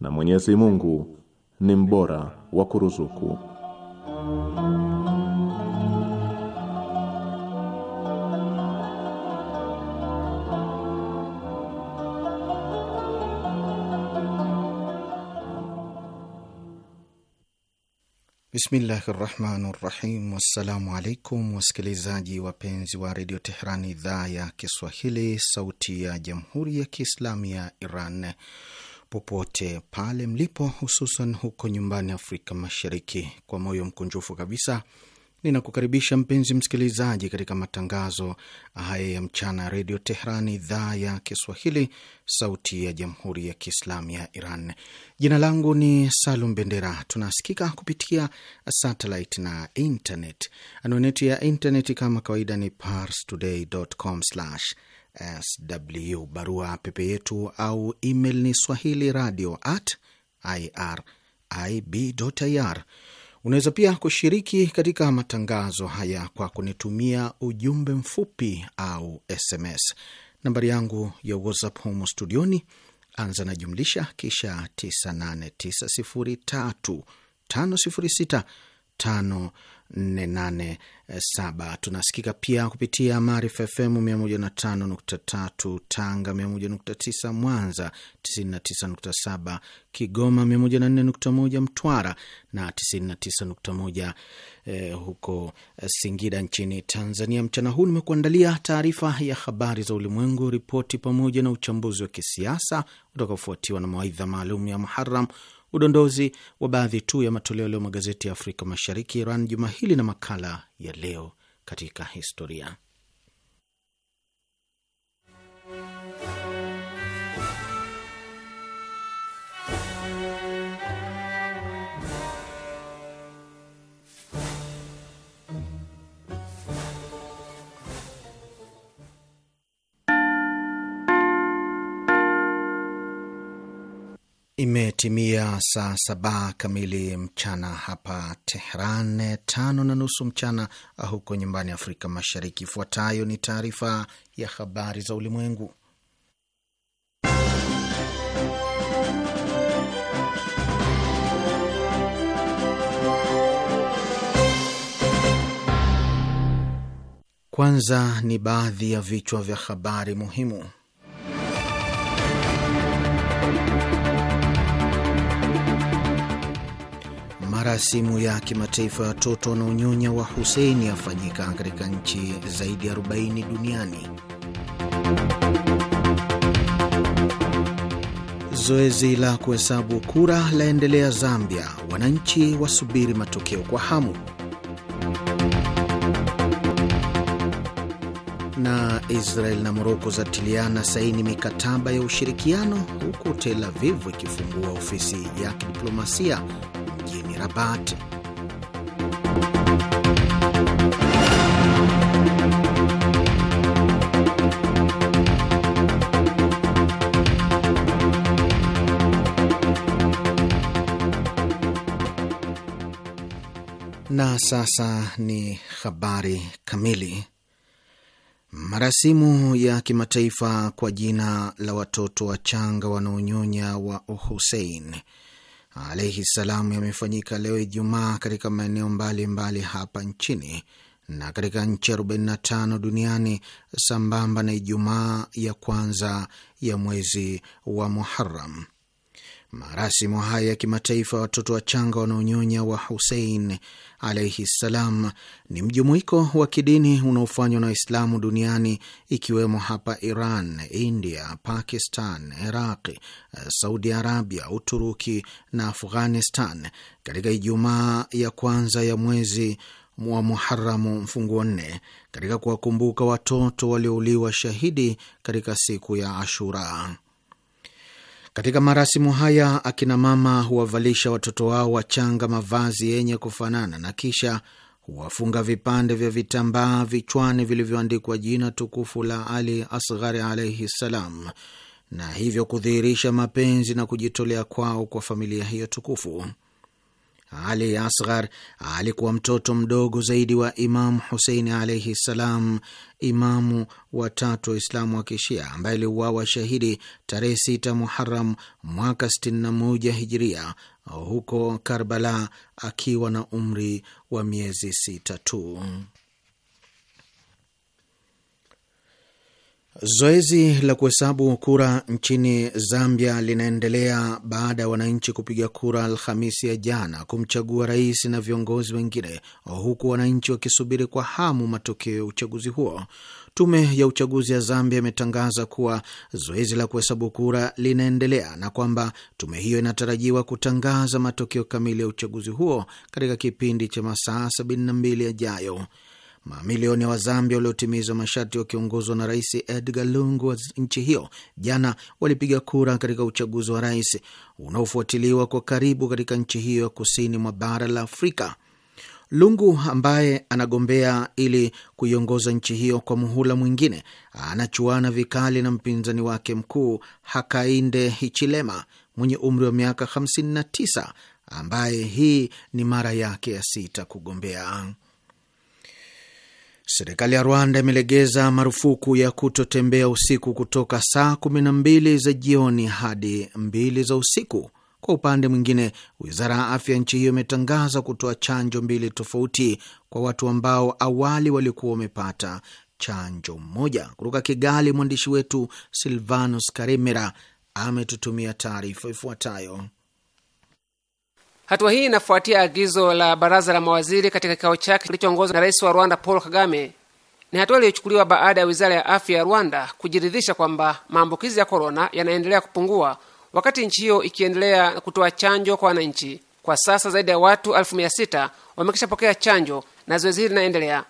na Mwenyezi Mungu ni mbora wa kuruzuku. Bismillahi rahmani rahim. Wassalamu alaikum wasikilizaji wapenzi wa redio Teherani, idhaa ya Kiswahili, sauti ya jamhuri ya kiislamu ya Iran popote pale mlipo, hususan huko nyumbani Afrika Mashariki. Kwa moyo mkunjufu kabisa ninakukaribisha mpenzi msikilizaji katika matangazo haya ya mchana Redio Tehran, idhaa ya Kiswahili, sauti ya Jamhuri ya Kiislamu ya Iran. Jina langu ni Salum Bendera. Tunasikika kupitia satellite na internet. Anwani ya internet kama kawaida ni parstoday.com/sw sw. Barua pepe yetu au email ni swahili radio at irib.ir. Unaweza pia kushiriki katika matangazo haya kwa kunitumia ujumbe mfupi au SMS. Nambari yangu ya WhatsApp humo studioni, anza na jumlisha kisha 9890350654 487. Tunasikika pia kupitia Maarifa FM 105.3 Tanga, 101.9 Mwanza, 99.7 Kigoma, 104.1 Mtwara na 99.1 eh, huko eh, Singida nchini Tanzania. Mchana huu nimekuandalia taarifa ya habari za ulimwengu, ripoti pamoja na uchambuzi wa kisiasa utakaofuatiwa na mawaidha maalum ya Muharram udondozi wa baadhi tu ya matoleo leo magazeti ya Afrika Mashariki, Iran juma hili, na makala ya leo katika historia. Imetimia saa saba kamili mchana hapa Tehran, tano na nusu mchana huko nyumbani Afrika Mashariki. Ifuatayo ni taarifa ya habari za ulimwengu, kwanza ni baadhi ya vichwa vya habari muhimu. Marasimu ya kimataifa ya watoto wanaonyonya wa Huseini yafanyika katika nchi zaidi ya 40 duniani. Zoezi la kuhesabu kura laendelea Zambia, wananchi wasubiri matokeo kwa hamu. Na Israel na Moroko zatiliana saini mikataba ya ushirikiano, huku Tel Avivu ikifungua ofisi ya kidiplomasia Rabat. Na sasa ni habari kamili. Marasimu ya kimataifa kwa jina la watoto wachanga wanaonyonya wa Uhusein alaihi salam yamefanyika leo Ijumaa katika maeneo mbalimbali hapa nchini na katika nchi 45 duniani sambamba na Ijumaa ya kwanza ya mwezi wa muharam Marasimu haya ya kimataifa ya watoto wachanga wanaonyonya wa Husein alaihi ssalam ni mjumuiko wa kidini unaofanywa na Waislamu duniani ikiwemo hapa Iran, India, Pakistan, Iraqi, Saudi Arabia, Uturuki na Afghanistan katika Ijumaa ya kwanza ya mwezi wa Muharamu mfunguo nne katika kuwakumbuka watoto waliouliwa shahidi katika siku ya Ashura. Katika marasimu haya akina mama huwavalisha watoto wao wachanga mavazi yenye kufanana na kisha huwafunga vipande vya vitambaa vichwani vilivyoandikwa jina tukufu la Ali Asghari alaihi ssalam, na hivyo kudhihirisha mapenzi na kujitolea kwao kwa familia hiyo tukufu. Ali Asghar alikuwa mtoto mdogo zaidi wa Imamu Huseini alaihi ssalam, imamu wa tatu wa Islamu wa Kishia ambaye aliuawa shahidi tarehe 6 Muharam mwaka 61 Hijiria huko Karbala akiwa na umri wa miezi sita tu. Zoezi la kuhesabu kura nchini Zambia linaendelea baada ya wananchi kupiga kura Alhamisi ya jana kumchagua rais na viongozi wengine, huku wananchi wakisubiri kwa hamu matokeo ya uchaguzi huo. Tume ya uchaguzi ya Zambia imetangaza kuwa zoezi la kuhesabu kura linaendelea na kwamba tume hiyo inatarajiwa kutangaza matokeo kamili ya uchaguzi huo katika kipindi cha masaa 72 yajayo. Mamilioni ya Wazambia waliotimizwa masharti wakiongozwa na Rais Edgar Lungu wa nchi hiyo jana walipiga kura katika uchaguzi wa rais unaofuatiliwa kwa karibu katika nchi hiyo ya kusini mwa bara la Afrika. Lungu ambaye anagombea ili kuiongoza nchi hiyo kwa muhula mwingine anachuana vikali na mpinzani wake mkuu Hakainde Hichilema mwenye umri wa miaka 59 ambaye hii ni mara yake ya sita kugombea. Serikali ya Rwanda imelegeza marufuku ya kutotembea usiku kutoka saa 12 za jioni hadi 2 za usiku. Kwa upande mwingine, wizara ya afya nchi hiyo imetangaza kutoa chanjo mbili tofauti kwa watu ambao awali walikuwa wamepata chanjo moja. Kutoka Kigali, mwandishi wetu Silvanus Karimera ametutumia taarifa ifuatayo. Hatua hii inafuatia agizo la baraza la mawaziri katika kikao chake kilichoongozwa na rais wa Rwanda Paul Kagame. Ni hatua iliyochukuliwa baada ya wizara ya afya ya Rwanda kujiridhisha kwamba maambukizi ya korona yanaendelea kupungua wakati nchi hiyo ikiendelea kutoa chanjo kwa wananchi. Kwa sasa zaidi ya watu elfu mia sita wamekishapokea chanjo na zoezi hili linaendelea.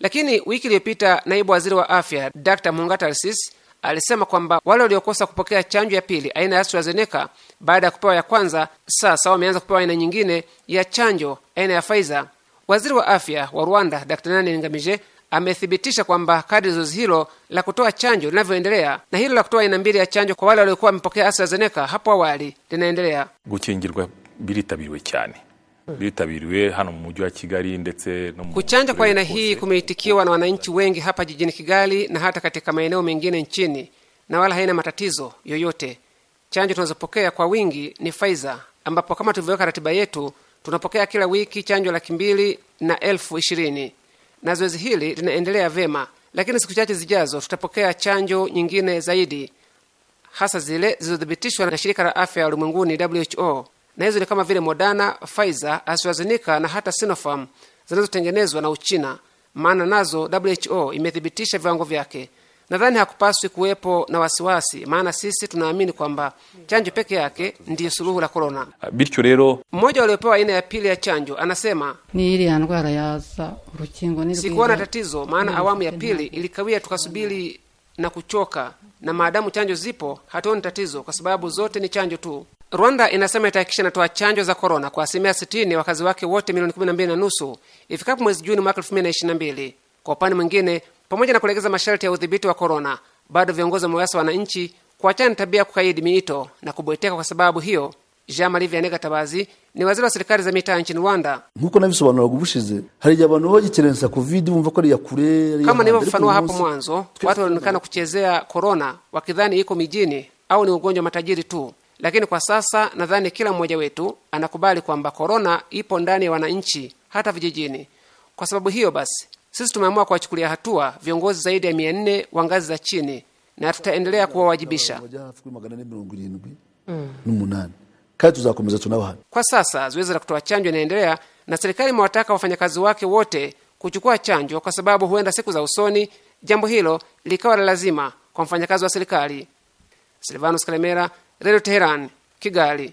Lakini wiki iliyopita naibu waziri wa afya Dr Mungatarsis alisema kwamba wale waliokosa kupokea chanjo ya pili aina ya AstraZeneca baada ya kupewa ya kwanza, sasa wameanza kupewa aina nyingine ya chanjo aina ya Pfizer. Waziri wa afya wa Rwanda Dr. Nani Ngamije amethibitisha kwamba kadri zoezi hilo la kutoa chanjo linavyoendelea na hilo la kutoa aina mbili ya chanjo kwa wale waliokuwa wamepokea AstraZeneca hapo awali linaendelea gukingirwa bilitabiriwe cyane bitabiriwe hano mu mujyi wa Kigali ndetse no mu kuchanja kwa aina hii kumeitikiwa na wananchi wengi hapa jijini Kigali na hata katika maeneo mengine nchini na wala haina matatizo yoyote. Chanjo tunazopokea kwa wingi ni Pfizer ambapo kama tulivyoweka ratiba yetu tunapokea kila wiki chanjo laki mbili na elfu ishirini na zoezi hili linaendelea vema, lakini siku chache zijazo tutapokea chanjo nyingine zaidi, hasa zile zilizothibitishwa na shirika la afya ya ulimwenguni WHO na hizo ni kama vile Moderna, Pfizer, AstraZeneca na hata Sinopharm zinazotengenezwa na Uchina, maana nazo WHO imethibitisha viwango vyake. Nadhani hakupaswi kuwepo na wasiwasi, maana sisi tunaamini kwamba chanjo peke yake ndiyo suluhu la korona. Bityo rero, mmoja waliopewa aina ya pili ya chanjo anasema sikuona tatizo, maana awamu ya pili ilikawia tukasubiri na kuchoka, na maadamu chanjo zipo hatuoni tatizo, kwa sababu zote ni chanjo tu. Rwanda inasema itahakikisha inatoa chanjo za korona kwa asilimia 60 wakazi wake wote milioni 12 na nusu ifikapo mwezi Juni mwaka 2022. Kwa upande mwingine, pamoja na kulegeza masharti ya udhibiti wa korona, bado viongozi wamewasa wananchi kuachana na tabia ya kukaidi miito na kubweteka kwa sababu hiyo. Jean Marie Vianney Gatabazi ni waziri wa serikali za mitaa nchini Rwanda. nkuko nabisobanura ubushize hari igihe abantu bagikerensa covid bumva ko ari yakure Kama nilivyofafanua hapo mwanzo, watu walionekana kuchezea korona wakidhani iko mijini au ni ugonjwa matajiri tu lakini kwa sasa nadhani kila mmoja wetu anakubali kwamba korona ipo ndani ya wananchi hata vijijini. Kwa sababu hiyo basi, sisi tumeamua kuwachukulia hatua viongozi zaidi ya mia nne wa ngazi za chini na tutaendelea kuwawajibisha. Mm. Kwa sasa zoezi la kutoa chanjo inaendelea na serikali imewataka wafanyakazi wake wote kuchukua chanjo, kwa sababu huenda siku za usoni jambo hilo likawa la lazima kwa mfanyakazi wa serikali. Silvanus Kalemera, Redio Teheran, Kigali.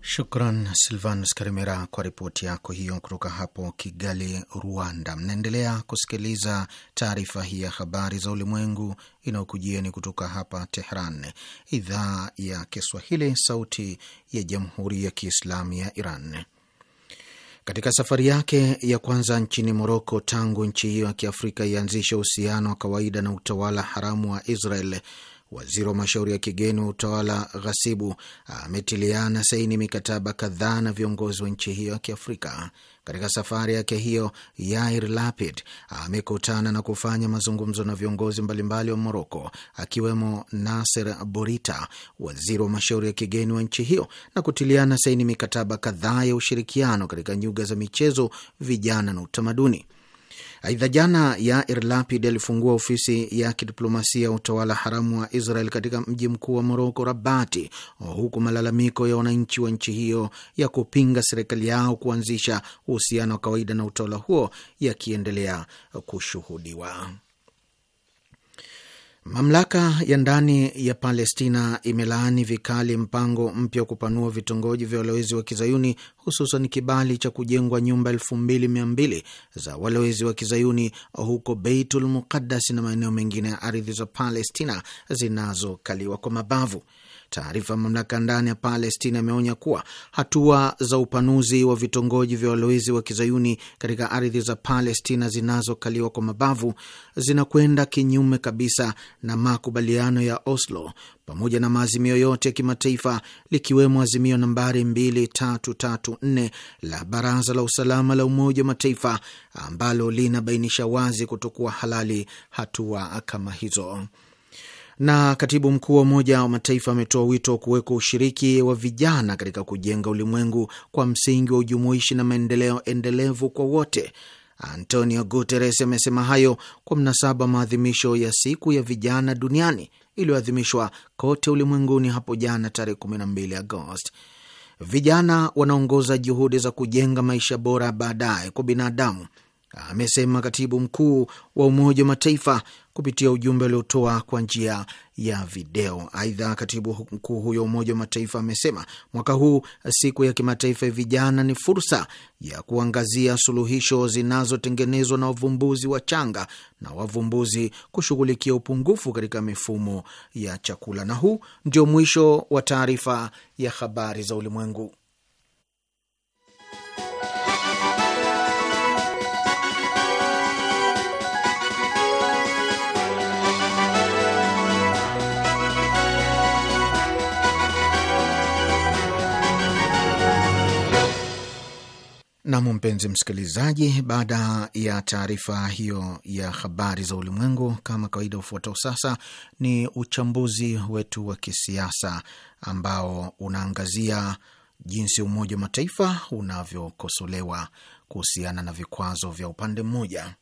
Shukran Silvanus Karimera kwa ripoti yako hiyo kutoka hapo Kigali, Rwanda. Mnaendelea kusikiliza taarifa hii ya habari za ulimwengu inayokujieni kutoka hapa Tehran, idhaa ya Kiswahili, sauti ya jamhuri ya kiislamu ya Iran. Katika safari yake ya kwanza nchini Moroko tangu nchi hiyo ya kiafrika ianzishe uhusiano wa kawaida na utawala haramu wa Israel Waziri wa mashauri ya kigeni wa utawala ghasibu ametiliana saini mikataba kadhaa na viongozi wa nchi hiyo ya Kiafrika. Katika safari yake hiyo, Yair Lapid amekutana na kufanya mazungumzo na viongozi mbalimbali wa Moroko, akiwemo Nasser Bourita, waziri wa mashauri ya kigeni wa nchi hiyo, na kutiliana saini mikataba kadhaa ya ushirikiano katika nyuga za michezo, vijana na utamaduni. Aidha, jana Yair Lapid alifungua ofisi ya kidiplomasia utawala haramu wa Israel katika mji mkuu wa Moroko, Rabati, huku malalamiko ya wananchi wa nchi hiyo ya kupinga serikali yao kuanzisha uhusiano wa kawaida na utawala huo yakiendelea kushuhudiwa. Mamlaka ya ndani ya Palestina imelaani vikali mpango mpya wa kupanua vitongoji vya walowezi wa Kizayuni, hususan kibali cha kujengwa nyumba elfu mbili mia mbili za walowezi wa Kizayuni huko Beitul Muqaddas na maeneo mengine ya ardhi za Palestina zinazokaliwa kwa mabavu. Taarifa ya mamlaka ndani ya Palestina imeonya kuwa hatua za upanuzi wa vitongoji vya walowezi wa kizayuni katika ardhi za Palestina zinazokaliwa kwa mabavu zinakwenda kinyume kabisa na makubaliano ya Oslo pamoja na maazimio yote ya kimataifa likiwemo azimio nambari 2334 la Baraza la Usalama la Umoja wa Mataifa ambalo linabainisha wazi kutokuwa halali hatua kama hizo. Na katibu mkuu wa Umoja wa Mataifa ametoa wito wa kuwekwa ushiriki wa vijana katika kujenga ulimwengu kwa msingi wa ujumuishi na maendeleo endelevu kwa wote. Antonio Guterres amesema hayo kwa mnasaba maadhimisho ya siku ya vijana duniani iliyoadhimishwa kote ulimwenguni hapo jana tarehe 12 Agosti. Vijana wanaongoza juhudi za kujenga maisha bora baadaye kwa binadamu, amesema katibu mkuu wa Umoja wa Mataifa kupitia ujumbe uliotoa kwa njia ya video. Aidha, katibu mkuu huyo Umoja wa Mataifa amesema mwaka huu siku ya kimataifa ya vijana ni fursa ya kuangazia suluhisho zinazotengenezwa na wavumbuzi wa changa na wavumbuzi kushughulikia upungufu katika mifumo ya chakula. Na huu ndio mwisho wa taarifa ya habari za ulimwengu. Nam, mpenzi msikilizaji, baada ya taarifa hiyo ya habari za ulimwengu, kama kawaida, ufuatao sasa ni uchambuzi wetu wa kisiasa ambao unaangazia jinsi Umoja wa Mataifa unavyokosolewa kuhusiana na vikwazo vya upande mmoja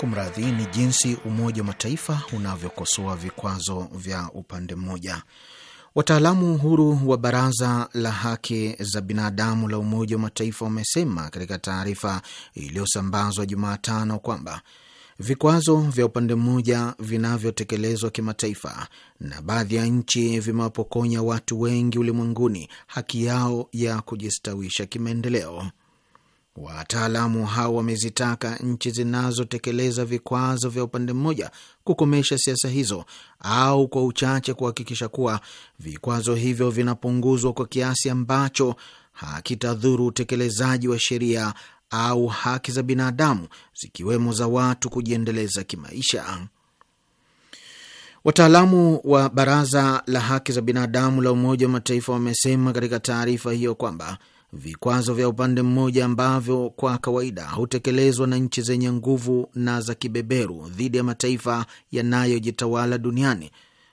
Kumradhi, ni jinsi Umoja wa Mataifa unavyokosoa vikwazo vya upande mmoja. Wataalamu huru wa Baraza la Haki za Binadamu la Umoja wa Mataifa wamesema katika taarifa iliyosambazwa Jumatano kwamba vikwazo vya upande mmoja vinavyotekelezwa kimataifa na baadhi ya nchi vimewapokonya watu wengi ulimwenguni haki yao ya kujistawisha kimaendeleo. Wataalamu hao wamezitaka nchi zinazotekeleza vikwazo vya upande mmoja kukomesha siasa hizo au kwa uchache kuhakikisha kuwa vikwazo hivyo vinapunguzwa kwa kiasi ambacho hakitadhuru utekelezaji wa sheria au haki za binadamu zikiwemo za watu kujiendeleza kimaisha. Wataalamu wa Baraza la Haki za Binadamu la Umoja wa Mataifa wamesema katika taarifa hiyo kwamba vikwazo vya upande mmoja ambavyo kwa kawaida hutekelezwa na nchi zenye nguvu na za kibeberu dhidi ya mataifa yanayojitawala duniani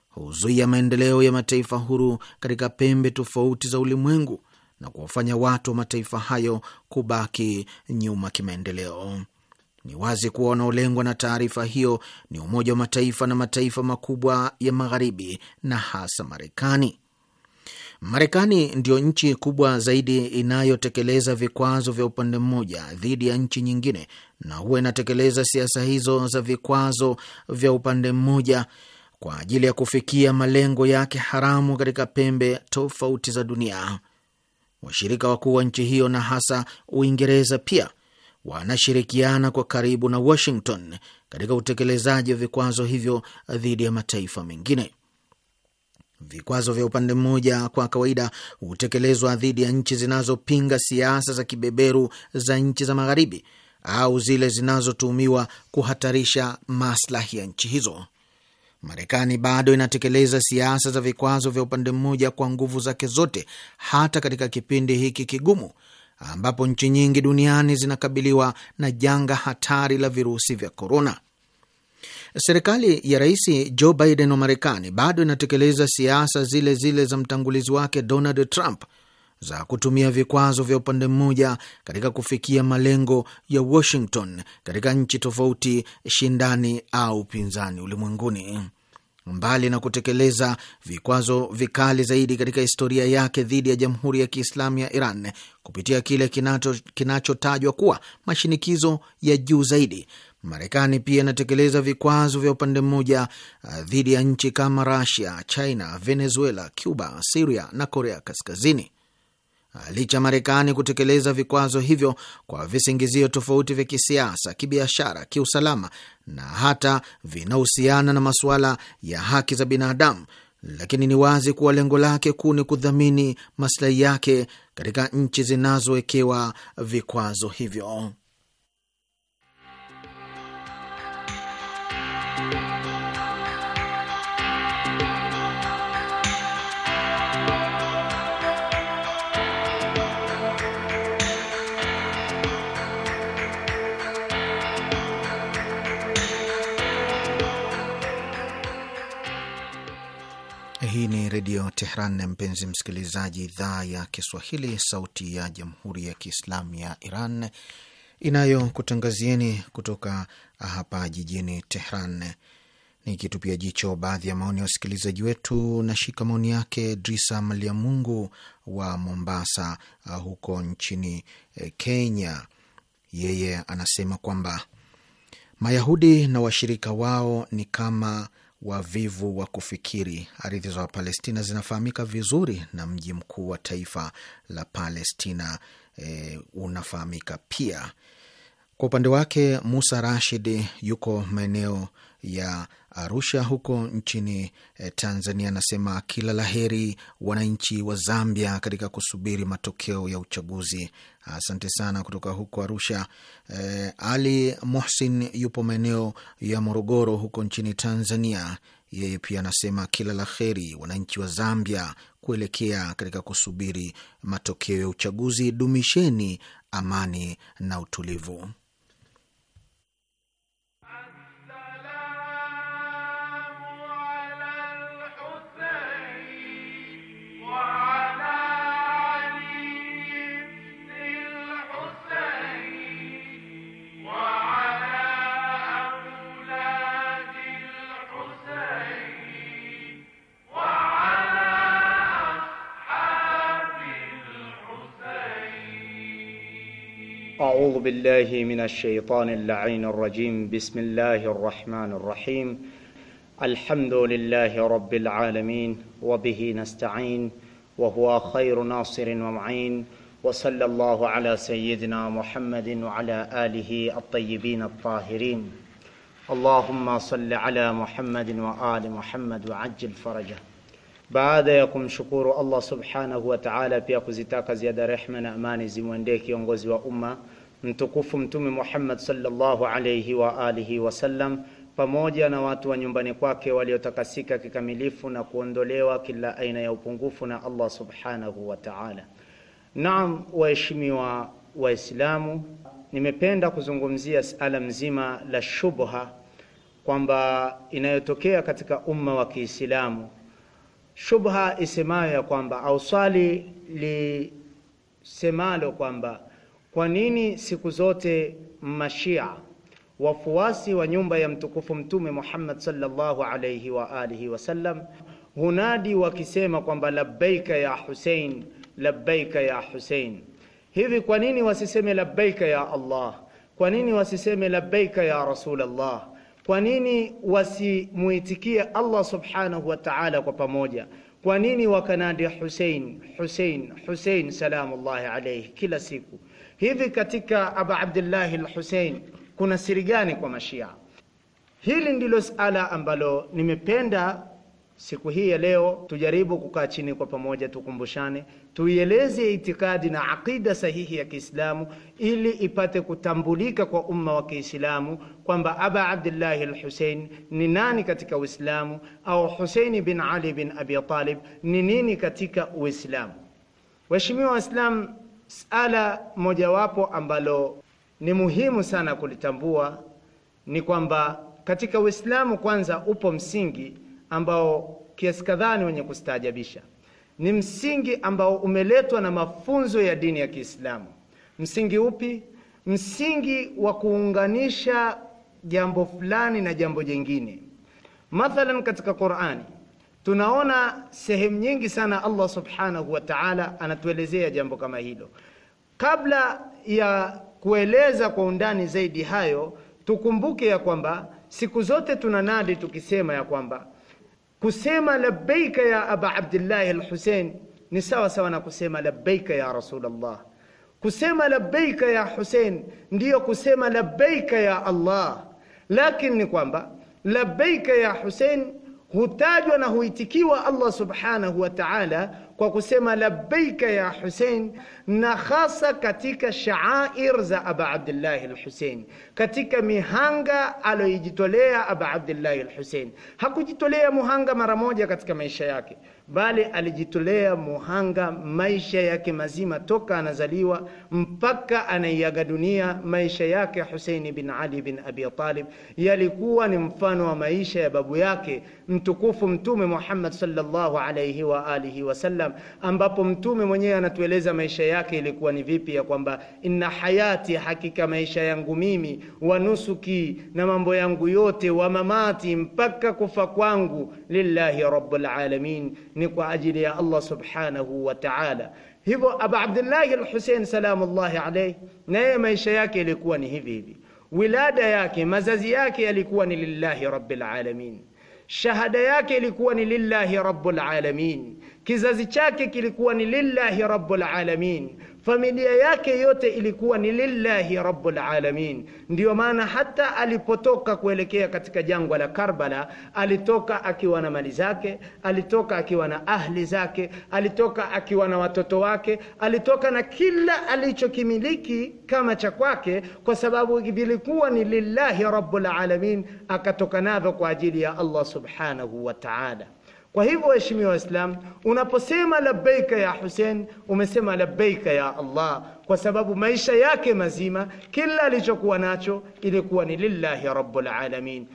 huzuia maendeleo ya mataifa huru katika pembe tofauti za ulimwengu na kuwafanya watu wa mataifa hayo kubaki nyuma kimaendeleo. Ni wazi kuwa wanaolengwa na taarifa hiyo ni Umoja wa Mataifa na mataifa makubwa ya Magharibi na hasa Marekani. Marekani ndio nchi kubwa zaidi inayotekeleza vikwazo vya upande mmoja dhidi ya nchi nyingine, na huwa inatekeleza siasa hizo za vikwazo vya upande mmoja kwa ajili ya kufikia malengo yake haramu katika pembe tofauti za dunia. Washirika wakuu wa nchi hiyo na hasa Uingereza pia wanashirikiana kwa karibu na Washington katika utekelezaji wa vikwazo hivyo dhidi ya mataifa mengine. Vikwazo vya upande mmoja kwa kawaida hutekelezwa dhidi ya nchi zinazopinga siasa za kibeberu za nchi za Magharibi au zile zinazotuhumiwa kuhatarisha maslahi ya nchi hizo. Marekani bado inatekeleza siasa za vikwazo vya upande mmoja kwa nguvu zake zote, hata katika kipindi hiki kigumu ambapo nchi nyingi duniani zinakabiliwa na janga hatari la virusi vya korona. Serikali ya Rais Joe Biden wa Marekani bado inatekeleza siasa zile zile za mtangulizi wake Donald Trump za kutumia vikwazo vya upande mmoja katika kufikia malengo ya Washington katika nchi tofauti shindani au pinzani ulimwenguni. Mbali na kutekeleza vikwazo vikali zaidi katika historia yake dhidi ya Jamhuri ya Kiislamu ya Iran kupitia kile kinachotajwa kuwa mashinikizo ya juu zaidi, Marekani pia inatekeleza vikwazo vya upande mmoja uh, dhidi ya nchi kama Rusia, China, Venezuela, Cuba, Siria na Korea Kaskazini. Uh, licha Marekani kutekeleza vikwazo hivyo kwa visingizio tofauti vya kisiasa, kibiashara, kiusalama na hata vinahusiana na masuala ya haki za binadamu, lakini ni wazi kuwa lengo lake kuu ni kudhamini maslahi yake katika nchi zinazowekewa vikwazo hivyo. Hii ni Redio Tehran na mpenzi msikilizaji, idhaa ya Kiswahili, sauti ya jamhuri ya kiislamu ya Iran inayokutangazieni kutoka hapa jijini Tehran. Nikitupia jicho baadhi ya maoni ya wasikilizaji wetu, nashika maoni yake Drisa Maliamungu wa Mombasa uh, huko nchini eh, Kenya. Yeye anasema kwamba Mayahudi na washirika wao ni kama wavivu wa kufikiri. Ardhi za Wapalestina zinafahamika vizuri na mji mkuu wa taifa la Palestina e, unafahamika pia. Kwa upande wake Musa Rashid yuko maeneo ya Arusha huko nchini eh, Tanzania anasema kila laheri wananchi wa Zambia katika kusubiri matokeo ya uchaguzi. Asante sana kutoka huko Arusha. E, Ali Muhsin yupo maeneo ya Morogoro huko nchini Tanzania. Yeye pia anasema kila la heri wananchi wa Zambia kuelekea katika kusubiri matokeo ya uchaguzi. Dumisheni amani na utulivu. بالله من الشيطان اللعين الرجيم بسم الله الرحمن الرحيم الحمد لله رب العالمين وبه نستعين وهو خير ناصر ومعين وصلى الله على سيدنا محمد وعلى اله الطيبين الطاهرين اللهم صل على محمد وال محمد وعجل فرجه baada ya kumshukuru allah subhanahu wa taala pia kuzitaka ziada rehma na amani zimwendee kiongozi wa umma mtukufu Mtume Muhammad sallallahu alayhi wa alihi wasallam pamoja na watu wa nyumbani kwake waliotakasika kikamilifu na kuondolewa kila aina ya upungufu na Allah subhanahu wa ta'ala. Naam, waheshimiwa Waislamu, nimependa kuzungumzia sala mzima la shubha kwamba inayotokea katika umma wa Kiislamu, shubha isemayo ya kwamba au swali lisemalo kwamba kwa nini siku zote mashia wafuasi wa nyumba ya mtukufu Mtume Muhammad sallallahu alayhi wa alihi sallam hunadi wakisema kwamba labbaika ya Hussein, labbaika ya Hussein? Hivi kwa nini wasiseme labbaika ya Allah? Kwa nini wasiseme labbaika ya rasul Allah? Kwa nini wasimuitikie Allah subhanahu wa ta'ala kwa pamoja? Kwa nini wakanadi Hussein, Hussein, Hussein salamullahi alayhi kila siku? Hivi katika Aba Abdillahi Lhusein kuna siri gani kwa Mashia? Hili ndilo sala ambalo nimependa siku hii ya leo tujaribu kukaa chini kwa pamoja, tukumbushane, tuieleze itikadi na aqida sahihi ya Kiislamu ili ipate kutambulika kwa umma wa Kiislamu kwamba Aba Abdillahi Lhusein ni nani katika Uislamu au Huseini bin Ali bin Abi Talib ni nini katika Uislamu. Waheshimiwa Waislamu, Sala mojawapo ambalo ni muhimu sana kulitambua ni kwamba katika Uislamu kwanza upo msingi ambao kiasi kadhaa ni wenye kustaajabisha. Ni msingi ambao umeletwa na mafunzo ya dini ya Kiislamu. Msingi upi? Msingi wa kuunganisha jambo fulani na jambo jingine. Mathalan katika Qur'ani tunaona sehemu nyingi sana Allah subhanahu wa ta'ala anatuelezea jambo kama hilo. Kabla ya kueleza kwa undani zaidi hayo, tukumbuke ya kwamba siku zote tunanadi tukisema ya kwamba kusema labbaika ya Aba Abdillahi al-Hussein ni sawa sawa na kusema labbaika ya Rasulullah. Kusema labbaika ya Hussein ndiyo kusema labbaika ya Allah, lakini ni kwamba labbaika ya Hussein hutajwa na huitikiwa Allah subhanahu wa ta'ala kwa kusema labbaika ya Hussein, na hasa katika shaair za Aba Abdillahi al-Hussein, katika mihanga aliyojitolea Aba Abdillahi al-Hussein. Hakujitolea muhanga mara moja katika maisha yake bali alijitolea muhanga maisha yake mazima toka anazaliwa mpaka anaiaga dunia. Maisha yake Huseini bin Ali bin Abi Talib yalikuwa ni mfano wa maisha ya babu yake mtukufu Mtume Muhammad sallallahu alayhi wa alihi wasallam, ambapo mtume mwenyewe anatueleza maisha yake ilikuwa ni vipi, ya kwamba inna hayati, hakika maisha yangu mimi, wa nusuki, na mambo yangu yote, wa mamati, mpaka kufa kwangu, lillahi rabbil alamin ni kwa ajili ya Allah subhanahu wa ta'ala. Hivyo Abu Abdullah al-Hussein salamullahi alayhi, naye maisha yake yalikuwa ni hivi hivi, wilada yake, mazazi yake yalikuwa ni lillahi rabbil alamin, shahada yake ilikuwa ni lillahi rabbil alamin, kizazi chake kilikuwa ni lillahi rabbil alamin familia yake yote ilikuwa ni lillahi rabbul alamin. Ndiyo maana hata alipotoka kuelekea katika jangwa la Karbala, alitoka akiwa na mali zake, alitoka akiwa na ahli zake, alitoka akiwa na watoto wake, alitoka na kila alichokimiliki kama cha kwake, kwa sababu vilikuwa ni lillahi rabbul alamin. Akatoka navyo kwa ajili ya Allah subhanahu wa ta'ala. Kwa hivyo waheshimiwa Waislam, unaposema labbaika ya Hussein, umesema labbaika ya Allah, kwa sababu maisha yake mazima kila alichokuwa nacho ilikuwa ni lillahi rabbul alamin.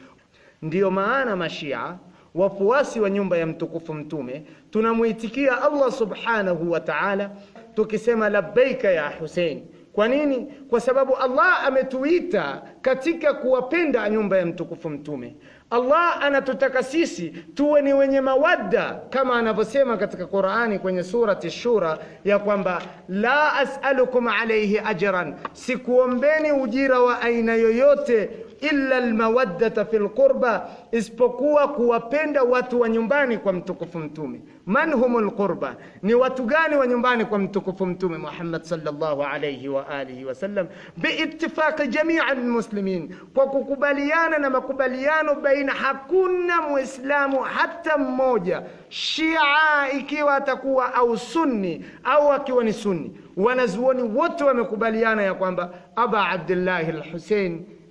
Ndiyo maana mashia wafuasi wa nyumba ya mtukufu mtume tunamuitikia Allah subhanahu wa ta'ala tukisema labbaika ya Hussein. Kwa nini? Kwa sababu Allah ametuita katika kuwapenda nyumba ya mtukufu mtume. Allah anatutaka sisi tuwe ni wenye mawadda kama anavyosema katika Qur'ani kwenye surati Shura ya kwamba la as'alukum alayhi ajran, sikuombeni ujira wa aina yoyote illa almawaddata fi qurba, isipokuwa kuwapenda watu wa nyumbani kwa mtukufu Mtume. Man hum lqurba ni watu gani wa nyumbani kwa mtukufu Mtume Muhammad sallallahu alayhi wa alihi wasallam? Biittifaqi jamii almuslimin, kwa kukubaliana na makubaliano baina, hakuna muislamu hata mmoja, Shia ikiwa atakuwa au Sunni au akiwa ni Sunni, wanazuoni wote wamekubaliana ya kwamba Aba Abdillahi al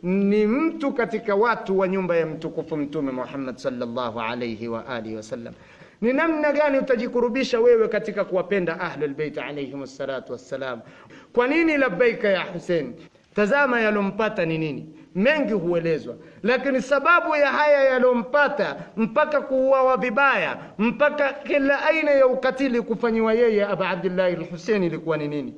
ni mtu katika watu wa nyumba ya mtukufu Mtume Muhammad sallallahu alayhi wa alihi wasallam. Ni namna gani utajikurubisha wewe katika kuwapenda Ahlul Bait alayhim salatu wassalam? Kwa nini labbaika ya Hussein? Tazama yalompata ni nini. Mengi huelezwa, lakini sababu ya haya yalompata, mpaka kuuawa vibaya, mpaka kila aina ya ukatili kufanyiwa yeye Aba Abdillahi al-Husaini ilikuwa ni nini?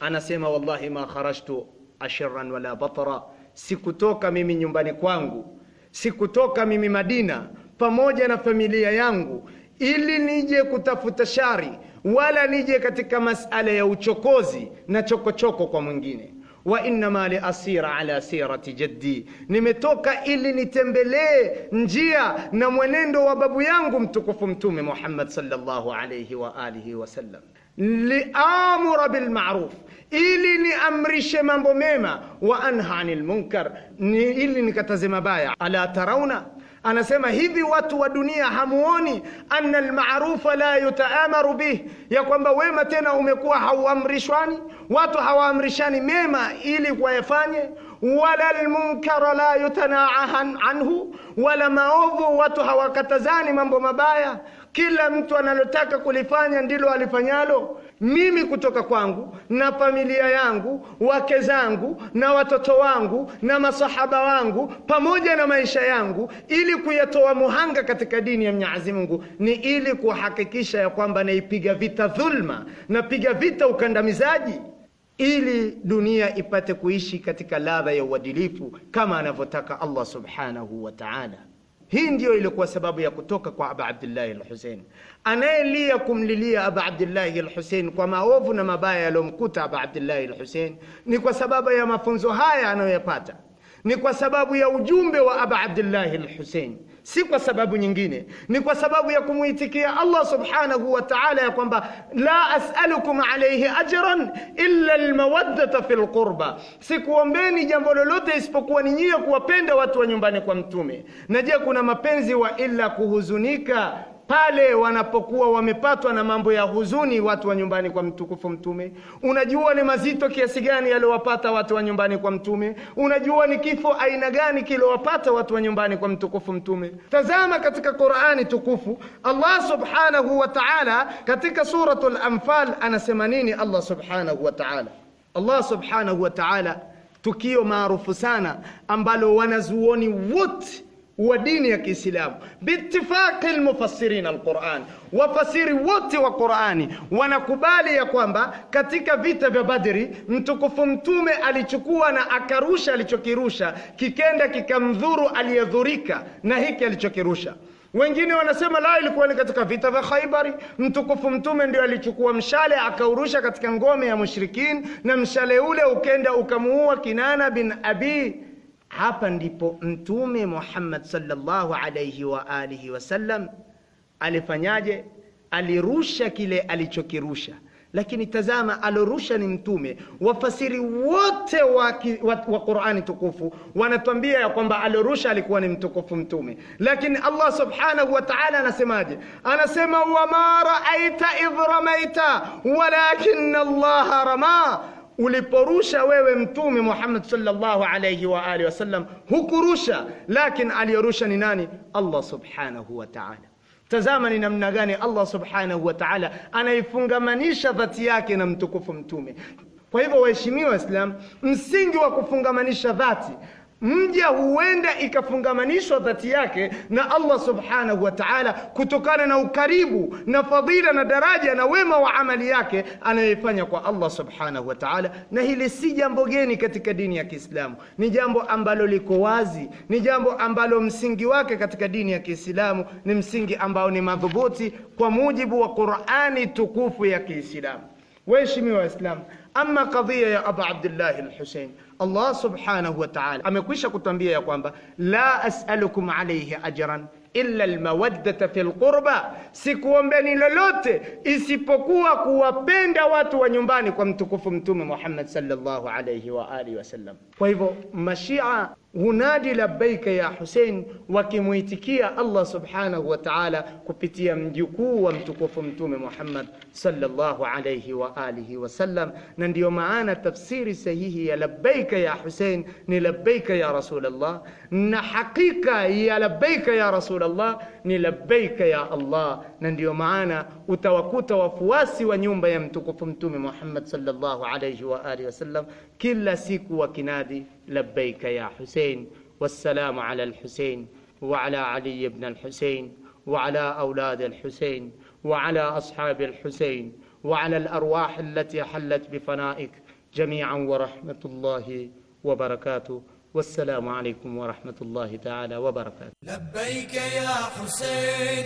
Anasema wallahi ma kharajtu ashiran wala batara sikutoka mimi nyumbani kwangu, sikutoka mimi Madina pamoja na familia yangu ili nije kutafuta shari wala nije katika masala ya uchokozi na chokochoko choko kwa mwingine. wa innama li asira ala sirati jaddi, nimetoka ili nitembelee njia na mwenendo wa babu yangu mtukufu Mtume Muhammad sallallahu alayhi wa alihi wasallam. liamura bilmaruf ili niamrishe mambo mema, wa anha anil munkar, ni ili nikataze mabaya. Ala tarauna Anasema hivi, watu wa dunia hamuoni, anna almarufa la yutaamaru bih, ya kwamba wema tena umekuwa hauamrishwani, watu hawaamrishani mema ili wayafanye, wala lmunkara la yutanaaha anhu, wala maovu watu hawakatazani mambo mabaya, kila mtu analotaka kulifanya ndilo alifanyalo mimi kutoka kwangu na familia yangu, wake zangu na watoto wangu na masahaba wangu, pamoja na maisha yangu, ili kuyatoa muhanga katika dini ya Mwenyezi Mungu, ni ili kuhakikisha ya kwamba naipiga vita dhulma, napiga vita ukandamizaji, ili dunia ipate kuishi katika ladha ya uadilifu kama anavyotaka Allah subhanahu wa ta'ala. Hii ndiyo ilikuwa sababu ya kutoka kwa Aba Abdillahi Lhusein. Anayelia kumlilia Aba Abdillahi Lhusein kwa maovu na mabaya yaliyomkuta Aba Abdillahi Lhusein ni kwa sababu ya mafunzo haya anayoyapata, ni kwa sababu ya ujumbe wa Aba Abdillahi Lhusein si kwa sababu nyingine, ni kwa sababu ya kumwitikia Allah subhanahu wa ta'ala, ya kwamba la as'alukum alayhi ajran illa almawaddata fi alqurba sikuombeni jambo lolote isipokuwa ni nyie kuwapenda watu wa nyumbani kwa Mtume. Na je, kuna mapenzi wa illa kuhuzunika pale wanapokuwa wamepatwa na mambo ya huzuni watu wa nyumbani kwa mtukufu Mtume. Unajua ni mazito kiasi gani yaliowapata watu wa nyumbani kwa Mtume. Unajua ni kifo aina gani kiliowapata watu wa nyumbani kwa mtukufu Mtume. Tazama katika Qurani tukufu, Allah subhanahu wa taala katika Suratul Anfal anasema nini? Allah subhanahu wa taala, Allah subhanahu wa taala, tukio maarufu sana ambalo wanazuoni wote wa dini ya Kiislamu biitifaqi almufassirin alquran, wafasiri wote wa Qurani wanakubali ya kwamba katika vita vya Badri mtukufu Mtume alichukua na akarusha alichokirusha, kikenda kikamdhuru aliyedhurika na hiki alichokirusha. Wengine wanasema la, ilikuwa ni katika vita vya Khaibari, mtukufu mtume ndio alichukua mshale akaurusha katika ngome ya mushrikin, na mshale ule ukenda ukamuua Kinana bin Abi hapa ndipo Mtume Muhammad sallallahu alayhi wa alihi wasallam alifanyaje? Alirusha kile alichokirusha, lakini tazama, alorusha ni Mtume. Wafasiri wote wa, wa, wa Qur'ani tukufu wanatuambia ya kwamba alorusha alikuwa ni mtukufu Mtume, lakini Allah subhanahu wa ta'ala anasemaje? Anasema, wama raaita idh ramaita walakinna Allaha rama uliporusha wewe mtume Muhammad sallallahu alayhi wa alihi wasallam hukurusha, lakini aliyorusha ni nani? Allah subhanahu wa ta'ala. Tazama ni namna gani Allah subhanahu wa ta'ala anaifungamanisha dhati yake na mtukufu mtume. Kwa hivyo, waheshimiwa Waislamu, msingi wa kufungamanisha dhati mja huenda ikafungamanishwa dhati yake na Allah subhanahu wa ta'ala, kutokana na ukaribu na fadhila na daraja na wema wa amali yake anayoifanya kwa Allah subhanahu wa ta'ala. Na hili si jambo geni katika dini ya Kiislamu, ni jambo ambalo liko wazi, ni jambo ambalo msingi wake katika dini ya Kiislamu ni msingi ambao ni madhubuti kwa mujibu wa Qur'ani tukufu ya Kiislamu. Waheshimiwa Waislamu, ama kadhia ya Abu Abdullah al Allah subhanahu wa ta'ala amekwisha kutwambia ya kwamba la as'alukum alayhi ajran illa almawaddata fil qurba, sikuombeni lolote isipokuwa kuwapenda watu wa nyumbani kwa mtukufu Mtume Muhammad sallallahu alayhi wa alihi wasallam. Kwa hivyo mashia hunadi labbaika ya Hussein, wakimwitikia Allah subhanahu wa ta'ala kupitia mjukuu wa mtukufu Mtume Muhammad sallallahu alayhi wa alihi wasallam. Na ndiyo maana tafsiri sahihi ya labbaika ya Hussein ni labbaika ya Rasulullah, na hakika ya labbaika ya Rasulullah ni labbaika ya Allah, na ndio maana utawakuta wafuasi wa nyumba ya mtukufu Mtume Muhammad sallallahu alayhi wa alihi wasallam kila siku wakinadi labbaika ya Hussein, wassalamu ala al-Hussein wa ala Ali ibn al-Hussein wa ala aulad al-Hussein wa ala ashab al-Hussein wa ala al-arwah allati halat bifana'ik jami'an wa rahmatullahi wa barakatuh. والسلام عليكم ورحمة الله تعالى وبركاته لبيك يا حسين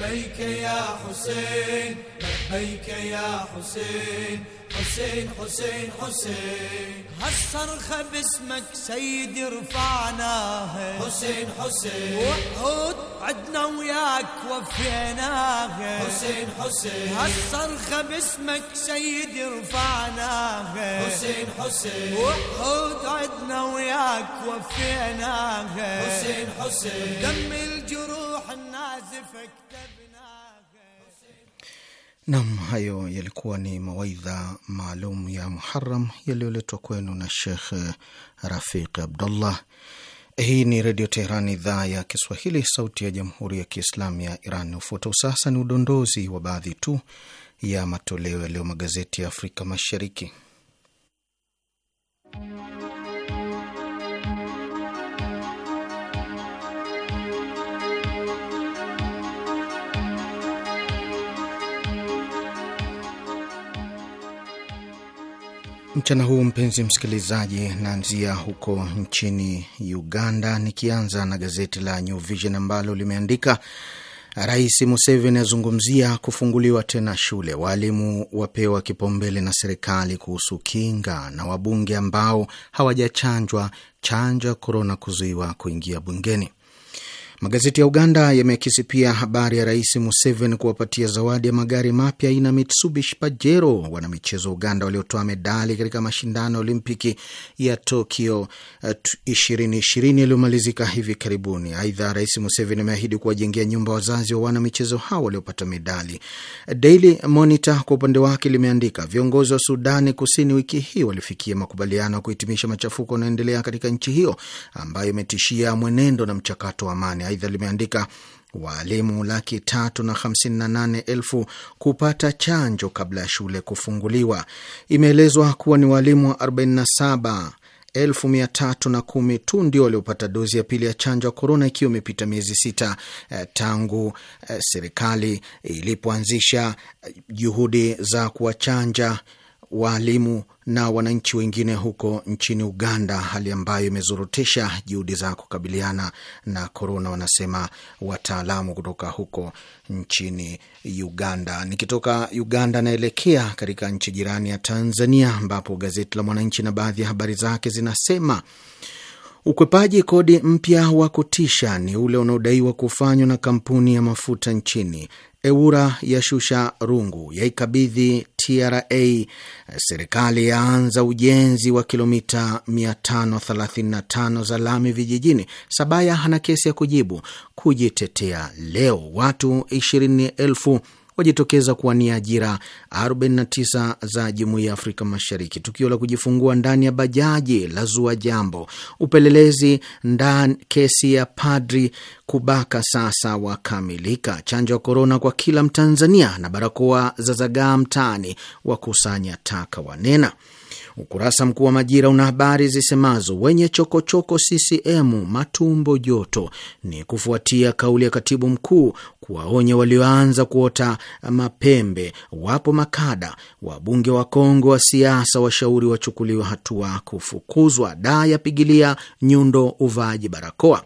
لبيك يا حسين لبيك هيك يا حسين حسين حسين حسين هالصرخة باسمك سيدي رفعناها حسين حسين وحود عدنا وياك وفيناها حسين حسين هالصرخة باسمك سيدي رفعناها حسين حسين وحود عدنا وياك وفيناها حسين حسين دم الجروح النازف اكتب Nam, hayo yalikuwa ni mawaidha maalum ya Muharam yaliyoletwa kwenu na Shekh Rafiq Abdullah. Hii ni Redio Teheran, idhaa ya Kiswahili, sauti ya Jamhuri ya Kiislamu ya Iran. Ufuatao sasa ni udondozi wa baadhi tu ya matoleo ya leo magazeti ya Afrika Mashariki. mchana huu, mpenzi msikilizaji, naanzia huko nchini Uganda, nikianza na gazeti la New Vision ambalo limeandika Rais Museveni azungumzia kufunguliwa tena shule, waalimu wapewa kipaumbele na serikali kuhusu kinga, na wabunge ambao hawajachanjwa chanjo ya korona kuzuiwa kuingia bungeni. Magazeti ya Uganda yameakisi pia habari ya Rais Museveni kuwapatia zawadi ya magari mapya aina Mitsubishi Pajero wanamichezo wa Uganda waliotoa medali katika mashindano ya Olimpiki ya Tokyo 2020 eh, yaliyomalizika hivi karibuni. Aidha, Rais Museveni ameahidi kuwajengea nyumba wazazi wa wanamichezo hao waliopata medali. Daily Monitor kwa upande wake limeandika viongozi wa Sudani Kusini wiki hii walifikia makubaliano ya kuhitimisha machafuko yanayoendelea katika nchi hiyo ambayo imetishia mwenendo na mchakato wa amani. Aidha limeandika waalimu laki tatu na hamsini na nane elfu kupata chanjo kabla ya shule kufunguliwa. Imeelezwa kuwa ni waalimu wa arobaini na saba elfu mia tatu na kumi tu ndio waliopata dozi ya pili ya chanjo ya korona, ikiwa imepita miezi sita eh, tangu eh, serikali ilipoanzisha eh, juhudi za kuwachanja waalimu na wananchi wengine huko nchini Uganda, hali ambayo imezorotesha juhudi za kukabiliana na korona, wanasema wataalamu kutoka huko nchini Uganda. Nikitoka Uganda naelekea katika nchi jirani ya Tanzania, ambapo gazeti la Mwananchi na baadhi ya habari zake zinasema ukwepaji kodi mpya wa kutisha ni ule unaodaiwa kufanywa na kampuni ya mafuta nchini EWURA shusha rungu, yaikabidhi TRA. Serikali yaanza ujenzi wa kilomita 535 za lami vijijini. Sabaya hana kesi ya kujibu, kujitetea leo. Watu elfu wajitokeza kuwania ajira 49 za jumuiya ya Afrika Mashariki. Tukio la kujifungua ndani ya bajaji la zua jambo. Upelelezi ndani kesi ya padri kubaka sasa wakamilika. Chanjo ya korona kwa kila Mtanzania na barakoa za zagaa mtaani, wakusanya taka wanena. Ukurasa mkuu wa Majira una habari zisemazo wenye chokochoko choko CCM matumbo joto. Ni kufuatia kauli ya katibu mkuu kuwaonya walioanza kuota mapembe. Wapo makada wabunge wa kongwe wa siasa washauri wachukuliwa hatua kufukuzwa. Daa yapigilia nyundo uvaaji barakoa.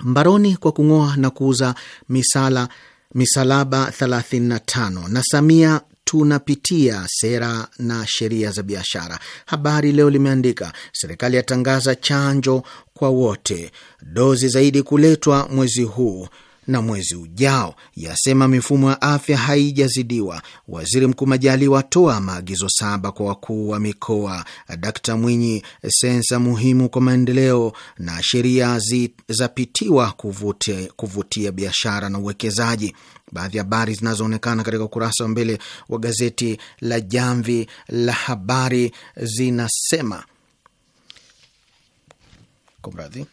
Mbaroni kwa kung'oa na kuuza misala misalaba 35 na Samia tunapitia sera na sheria za biashara. Habari Leo limeandika serikali yatangaza chanjo kwa wote, dozi zaidi kuletwa mwezi huu na mwezi ujao, yasema mifumo ya afya haijazidiwa. Waziri Mkuu Majaliwa atoa maagizo saba kwa wakuu wa mikoa. Dkt Mwinyi, sensa muhimu kwa maendeleo na sheria zapitiwa kuvutia, kuvutia biashara na uwekezaji. Baadhi ya habari zinazoonekana katika ukurasa wa mbele wa gazeti la Jamvi la Habari zinasema kumradhi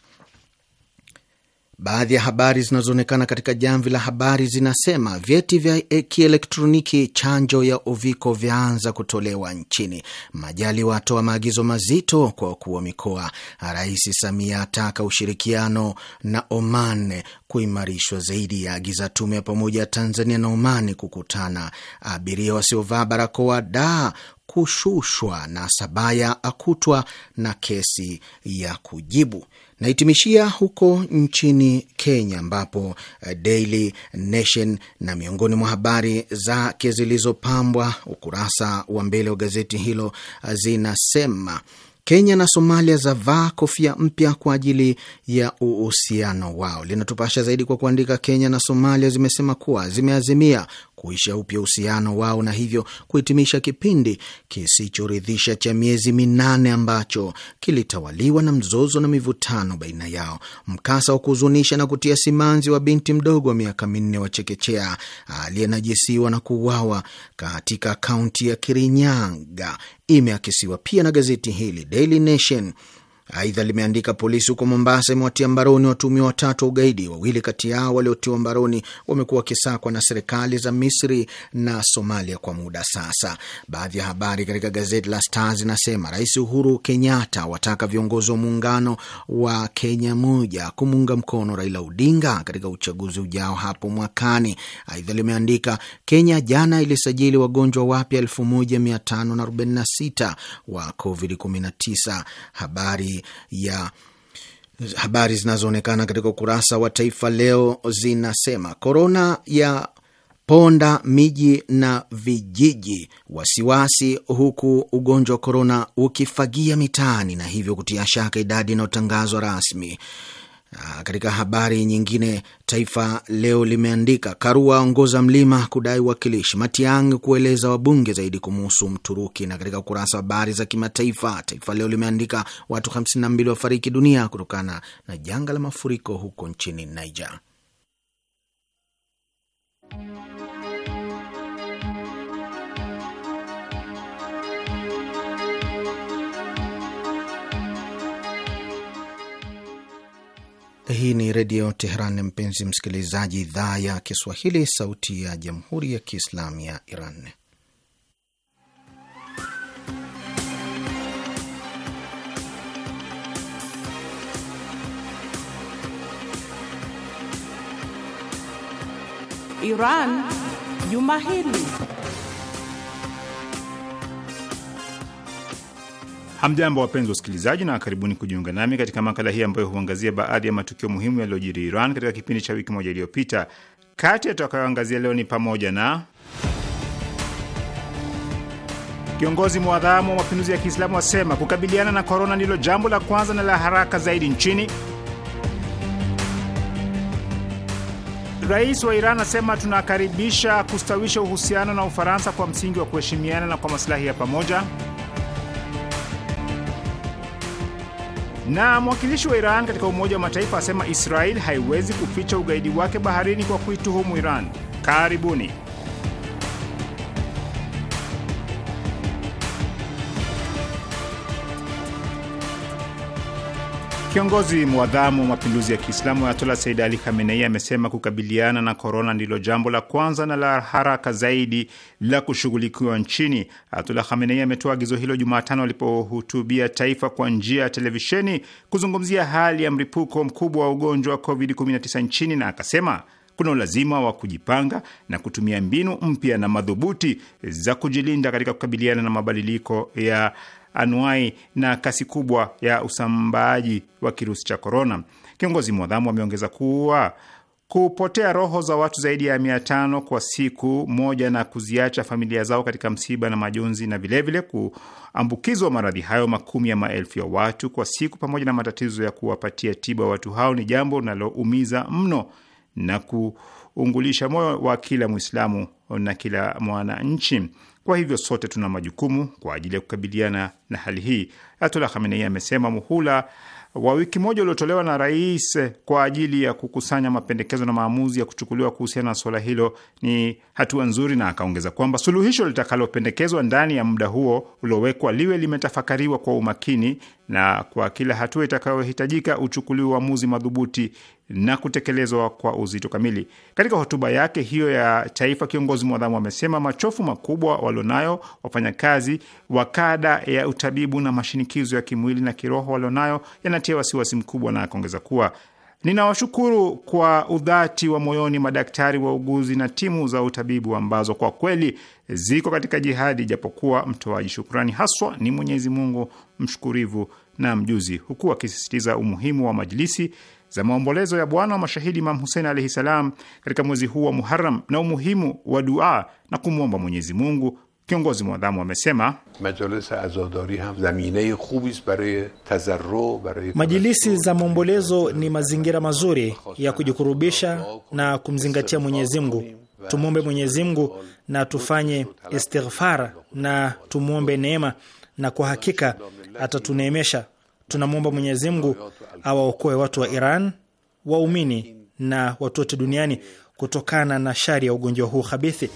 Baadhi ya habari zinazoonekana katika jamvi la habari zinasema vyeti vya kielektroniki chanjo ya uviko vyaanza kutolewa nchini. majali watoa maagizo mazito kwa wakuu wa mikoa. Rais Samia ataka ushirikiano na Oman kuimarishwa zaidi. ya agiza tume ya pamoja ya Tanzania na Oman kukutana. Abiria wasiovaa barakoa da kushushwa, na Sabaya akutwa na kesi ya kujibu. Nahitimishia huko nchini Kenya ambapo eh, Daily Nation na miongoni mwa habari zake zilizopambwa ukurasa wa mbele wa gazeti hilo eh, zinasema Kenya na Somalia zavaa kofia mpya kwa ajili ya uhusiano wao. Linatupasha zaidi kwa kuandika, Kenya na Somalia zimesema kuwa zimeazimia kuisha upya uhusiano wao na hivyo kuhitimisha kipindi kisichoridhisha cha miezi minane ambacho kilitawaliwa na mzozo na mivutano baina yao. Mkasa wa kuhuzunisha na kutia simanzi wa binti mdogo wa miaka minne wa chekechea aliyenajisiwa na kuuawa katika kaunti ya Kirinyaga imeakisiwa pia na gazeti hili Daily Nation Aidha limeandika polisi huko Mombasa imewatia mbaroni watumia watatu wa ugaidi. Wawili kati yao waliotiwa mbaroni wamekuwa wakisakwa na serikali za Misri na Somalia kwa muda sasa. Baadhi ya habari katika gazeti la Star zinasema Rais Uhuru Kenyatta wataka viongozi wa muungano wa Kenya moja kumuunga mkono Raila Odinga katika uchaguzi ujao hapo mwakani. Aidha limeandika Kenya jana ilisajili wagonjwa wapya 1546 wa COVID-19. Habari ya habari zinazoonekana katika ukurasa wa Taifa Leo zinasema korona ya ponda miji na vijiji, wasiwasi huku ugonjwa wa korona ukifagia mitaani na hivyo kutia shaka idadi inayotangazwa rasmi. Ah, katika habari nyingine, Taifa Leo limeandika Karua aongoza mlima kudai uwakilishi, Matiang'i kueleza wabunge zaidi kumuhusu Mturuki. Na katika ukurasa wa habari za kimataifa, Taifa Leo limeandika watu 52 wafariki dunia kutokana na janga la mafuriko huko nchini Niger. Hii ni Redio Teheran, mpenzi msikilizaji, idhaa ya Kiswahili, sauti ya jamhuri ya kiislamu ya Iran. Iran Juma Hili. Hamjambo, wapenzi wasikilizaji, na karibuni kujiunga nami katika makala hii ambayo huangazia baadhi ya matukio muhimu yaliyojiri Iran katika kipindi cha wiki moja iliyopita. Kati ya tutakayoangazia leo ni pamoja na kiongozi mwadhamu wa mapinduzi ya Kiislamu asema kukabiliana na korona ndilo jambo la kwanza na la haraka zaidi nchini. Rais wa Iran asema tunakaribisha kustawisha uhusiano na Ufaransa kwa msingi wa kuheshimiana na kwa masilahi ya pamoja. Na mwakilishi wa Iran katika Umoja wa Mataifa asema Israel haiwezi kuficha ugaidi wake baharini kwa kuituhumu Iran. Karibuni. Kiongozi mwadhamu wa mapinduzi ya Kiislamu Ayatola Said Ali Khamenei amesema kukabiliana na korona ndilo jambo la kwanza na la haraka zaidi la kushughulikiwa nchini. Ayatola Khamenei ametoa agizo hilo Jumatano alipohutubia taifa kwa njia ya televisheni kuzungumzia hali ya mlipuko mkubwa wa ugonjwa wa COVID-19 nchini, na akasema kuna ulazima wa kujipanga na kutumia mbinu mpya na madhubuti za kujilinda katika kukabiliana na mabadiliko ya anuai na kasi kubwa ya usambaaji wa kirusi cha korona. Kiongozi mwadhamu ameongeza kuwa kupotea roho za watu zaidi ya mia tano kwa siku moja na kuziacha familia zao katika msiba na majonzi, na vilevile kuambukizwa maradhi hayo makumi ya maelfu ya watu kwa siku, pamoja na matatizo ya kuwapatia tiba watu hao, ni jambo linaloumiza mno na ku kuungulisha moyo wa kila Mwislamu na kila mwananchi. Kwa hivyo sote tuna majukumu kwa ajili ya kukabiliana na hali hii. Ayatullah Khamenei amesema muhula wa wiki moja uliotolewa na rais kwa ajili ya kukusanya mapendekezo na maamuzi ya kuchukuliwa kuhusiana na suala hilo ni hatua nzuri, na akaongeza kwamba suluhisho litakalopendekezwa ndani ya muda huo uliowekwa liwe limetafakariwa kwa umakini na kwa kila hatua itakayohitajika uchukuliwa uamuzi madhubuti na kutekelezwa kwa uzito kamili. Katika hotuba yake hiyo ya taifa, kiongozi mwadhamu amesema machofu makubwa walionayo wafanyakazi wa kada ya utabibu na mashinikizo ya kimwili na kiroho walionayo yanatia wasiwasi mkubwa, na akaongeza kuwa ninawashukuru kwa udhati wa moyoni madaktari, wauguzi na timu za utabibu ambazo kwa kweli ziko katika jihadi, ijapokuwa mtoaji shukrani haswa ni Mwenyezi Mungu mshukurivu na mjuzi, huku akisisitiza umuhimu wa majilisi za maombolezo ya bwana wa mashahidi Imam Husein alaihi salam katika mwezi huu wa Muharam na umuhimu wa dua na kumwomba Mwenyezi Mungu. Kiongozi mwadhamu amesema majilisi za maombolezo ni mazingira mazuri ya kujikurubisha na kumzingatia Mwenyezi Mungu tumwombe Mwenyezi Mungu na tufanye istighfar na tumwombe neema, na kwa hakika atatuneemesha. Tunamwomba Mwenyezi Mungu awaokoe watu wa Iran, waumini na watu wote duniani kutokana na shari ya ugonjwa huu khabithi.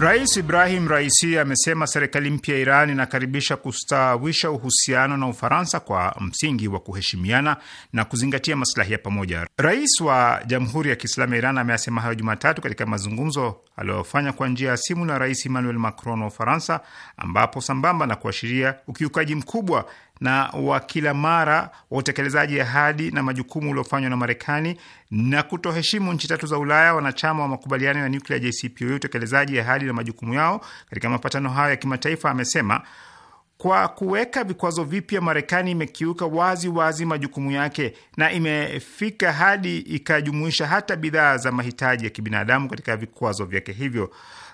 Rais Ibrahim Raisi amesema serikali mpya ya Iran inakaribisha kustawisha uhusiano na Ufaransa kwa msingi wa kuheshimiana na kuzingatia masilahi ya pamoja. Rais wa Jamhuri ya Kiislamu ya Iran ameyasema hayo Jumatatu katika mazungumzo aliyofanya kwa njia ya simu na Rais Emmanuel Macron wa Ufaransa, ambapo sambamba na kuashiria ukiukaji mkubwa na wa kila mara wa utekelezaji ahadi na majukumu uliofanywa na Marekani na kutoheshimu nchi tatu za Ulaya wanachama wa makubaliano ya nyuklia JCPOA utekelezaji ahadi na majukumu yao katika mapatano hayo ya kimataifa, amesema kwa kuweka vikwazo vipya Marekani imekiuka wazi wazi majukumu yake na imefika hadi ikajumuisha hata bidhaa za mahitaji ya kibinadamu katika vikwazo vyake hivyo.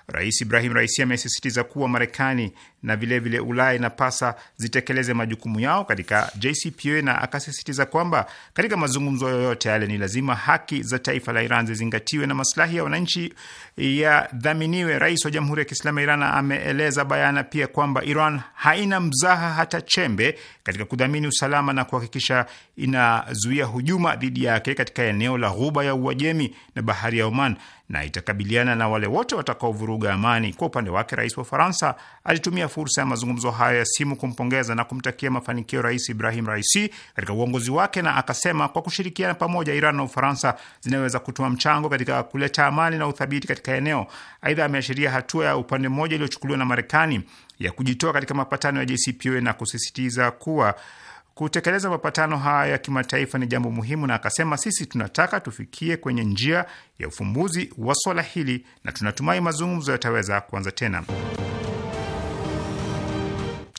Rais Ibrahim Raisi amesisitiza kuwa Marekani na vilevile Ulaya inapasa zitekeleze majukumu yao katika JCPOA, na akasisitiza kwamba katika mazungumzo yoyote yale ni lazima haki za taifa la Iran zizingatiwe na maslahi ya wananchi yadhaminiwe. Rais wa Jamhuri ya Kiislamu ya Iran ameeleza bayana pia kwamba Iran haina mzaha hata chembe katika kudhamini usalama na kuhakikisha inazuia hujuma dhidi yake katika eneo la Ghuba ya Uajemi na bahari ya Oman, na itakabiliana na wale wote watakaovuruga amani. Kwa upande wake, rais wa Ufaransa alitumia kutumia fursa ya mazungumzo hayo ya simu kumpongeza na kumtakia mafanikio Rais Ibrahim Raisi katika uongozi wake, na akasema kwa kushirikiana pamoja, Iran na Ufaransa zinaweza kutoa mchango katika kuleta amani na uthabiti katika eneo. Aidha, ameashiria hatua ya upande mmoja iliyochukuliwa na Marekani ya kujitoa katika mapatano ya JCPOA na kusisitiza kuwa kutekeleza mapatano haya ya kimataifa ni jambo muhimu, na akasema sisi tunataka tufikie kwenye njia ya ufumbuzi wa swala hili na tunatumai mazungumzo yataweza kuanza tena.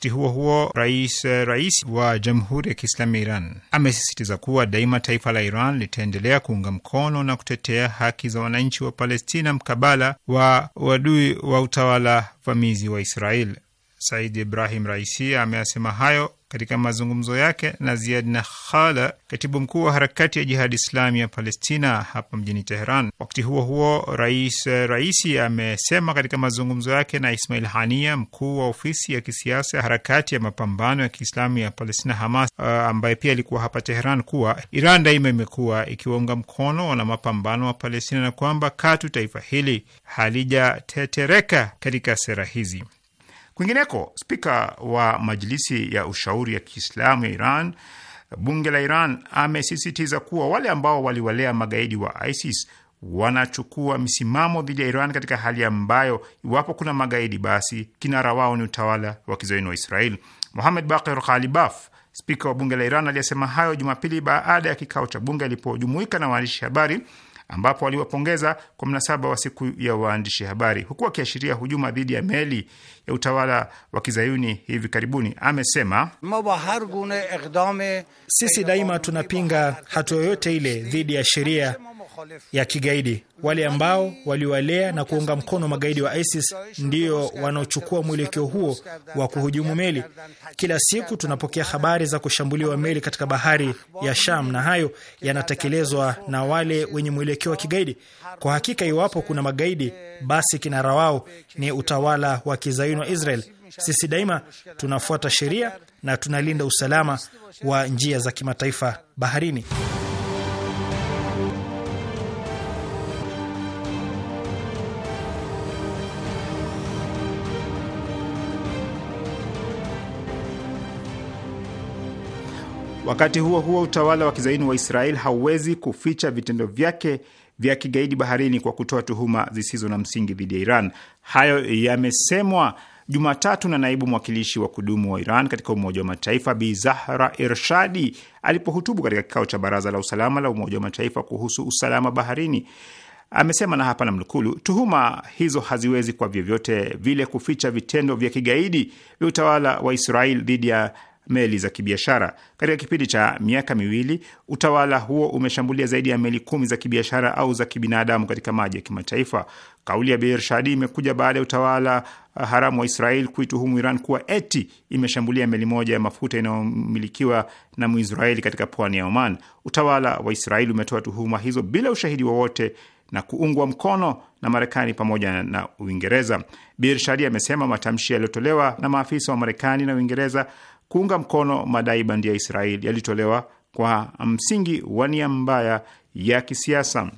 Wakati huo huo, rais eh, rais wa Jamhuri ya Kiislamu ya Iran amesisitiza kuwa daima taifa la Iran litaendelea kuunga mkono na kutetea haki za wananchi wa Palestina mkabala wa uadui wa utawala vamizi wa Israel. Said Ibrahim Raisi ameyasema hayo katika mazungumzo yake na Ziad Nakhala, katibu mkuu wa harakati ya Jihadi Islami ya Palestina hapa mjini Teheran. Wakati huo huo, rais Raisi amesema katika mazungumzo yake na Ismail Hania, mkuu wa ofisi ya kisiasa ya harakati ya mapambano ya Kiislamu ya Palestina Hamas, uh, ambaye pia alikuwa hapa Teheran, kuwa Iran daima imekuwa ikiwaunga mkono na mapambano wa Palestina na kwamba katu taifa hili halijatetereka katika sera hizi. Kwingineko, spika wa Majilisi ya Ushauri ya Kiislamu ya Iran, bunge la Iran, amesisitiza kuwa wale ambao waliwalea magaidi wa ISIS wanachukua misimamo dhidi ya Iran katika hali ambayo iwapo kuna magaidi basi kinara wao ni utawala wa kizayuni wa israel Mohamed Bakir Ghalibaf, spika wa bunge la Iran, aliyesema hayo Jumapili baada ya kikao cha bunge alipojumuika na waandishi habari ambapo aliwapongeza kwa mnasaba wa siku ya waandishi habari, huku akiashiria hujuma dhidi ya meli ya utawala wa kizayuni hivi karibuni. Amesema, sisi daima tunapinga hatua yoyote ile dhidi ya sheria ya kigaidi. Wale ambao waliwalea na kuunga mkono magaidi wa ISIS ndio wanaochukua mwelekeo huo wa kuhujumu meli. Kila siku tunapokea habari za kushambuliwa meli katika bahari ya Sham, na hayo yanatekelezwa na wale wenye mwelekeo wa kigaidi. Kwa hakika, iwapo kuna magaidi, basi kinara wao ni utawala wa kizayuni wa Israel. Sisi daima tunafuata sheria na tunalinda usalama wa njia za kimataifa baharini. Wakati huo huo, utawala wa kizaini wa Israel hauwezi kuficha vitendo vyake vya kigaidi baharini kwa kutoa tuhuma zisizo na msingi dhidi ya Iran. Hayo yamesemwa Jumatatu na naibu mwakilishi wa kudumu wa Iran katika Umoja wa Mataifa Bi Zahra Irshadi alipohutubu katika kikao cha Baraza la Usalama la Umoja wa Mataifa kuhusu usalama baharini. Amesema na hapa namnukuu: tuhuma hizo haziwezi kwa vyovyote vile kuficha vitendo vya kigaidi vya utawala wa Israel dhidi ya meli za kibiashara. Katika kipindi cha miaka miwili, utawala huo umeshambulia zaidi ya meli kumi za kibiashara au za kibinadamu katika maji ya kimataifa. Kauli ya Beershadi imekuja baada ya utawala eh, haramu wa Israel kuituhumu Iran kuwa eti imeshambulia meli moja ya mafuta inayomilikiwa na Muisraeli katika pwani ya Oman. Utawala wa Israeli umetoa tuhuma hizo bila ushahidi wowote na kuungwa mkono na Marekani pamoja na Uingereza. Birshadi amesema matamshi yaliyotolewa na maafisa wa Marekani na Uingereza kuunga mkono madai bandia ya Israeli yalitolewa kwa msingi wa nia mbaya ya kisiasa.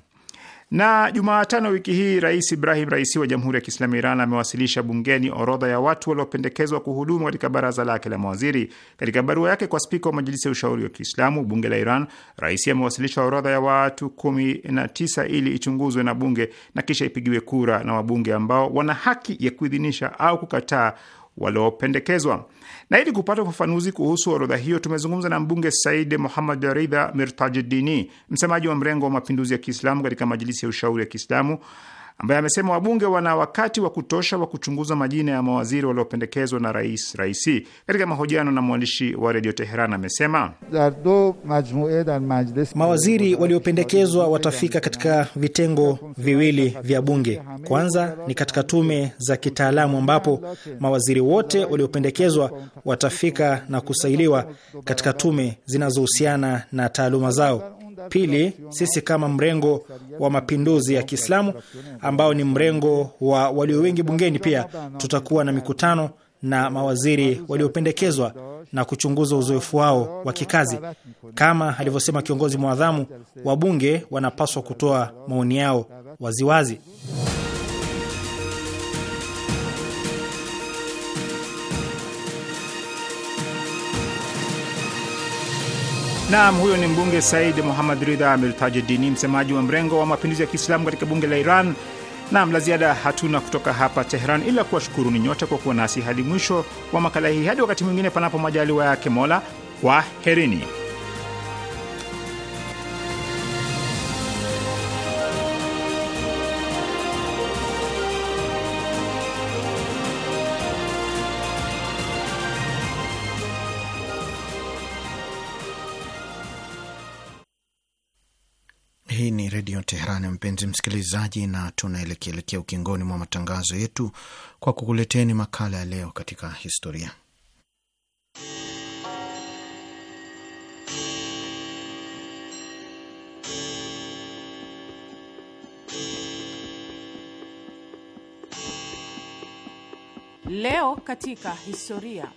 Na Jumatano wiki hii Rais Ibrahim Raisi wa Jamhuri ya Kiislamu Iran amewasilisha bungeni orodha ya watu waliopendekezwa kuhudumu katika baraza lake la mawaziri. Katika barua yake kwa spika wa Majilisi ya Ushauri wa Kiislamu, bunge la Iran, Raisi amewasilisha orodha ya watu kumi na tisa ili ichunguzwe na bunge na kisha ipigiwe kura na wabunge ambao wana haki ya kuidhinisha au kukataa waliopendekezwa. Na ili kupata ufafanuzi kuhusu orodha hiyo, tumezungumza na mbunge Said Muhammad Ridha Mirtajidini, msemaji wa mrengo wa mapinduzi ya Kiislamu katika Majilisi ya Ushauri ya Kiislamu, ambaye amesema wabunge wana wakati wa kutosha wa kuchunguza majina ya mawaziri waliopendekezwa na rais Raisi. Katika mahojiano na mwandishi wa redio Teheran amesema mawaziri waliopendekezwa watafika katika vitengo viwili vya bunge. Kwanza ni katika tume za kitaalamu ambapo mawaziri wote waliopendekezwa watafika na kusailiwa katika tume zinazohusiana na taaluma zao. Pili, sisi kama mrengo wa mapinduzi ya Kiislamu ambao ni mrengo wa walio wengi bungeni, pia tutakuwa na mikutano na mawaziri waliopendekezwa na kuchunguza uzoefu wao wa kikazi. Kama alivyosema kiongozi mwadhamu, wabunge wanapaswa kutoa maoni yao waziwazi wazi. Naam, huyo ni mbunge Said Muhammad Ridha mirtajidini msemaji wa mrengo wa mapinduzi ya Kiislamu katika bunge la Iran. Naam, la ziada hatuna kutoka hapa teheran ila kuwashukuruni nyote kwa kuwa nasi hadi mwisho wa makala hii. Hadi wakati mwingine, panapo majaliwa yake Mola, kwaherini. sana mpenzi msikilizaji, na tunaelekeelekea ukingoni mwa matangazo yetu kwa kukuleteni makala ya leo katika historia. Leo katika historia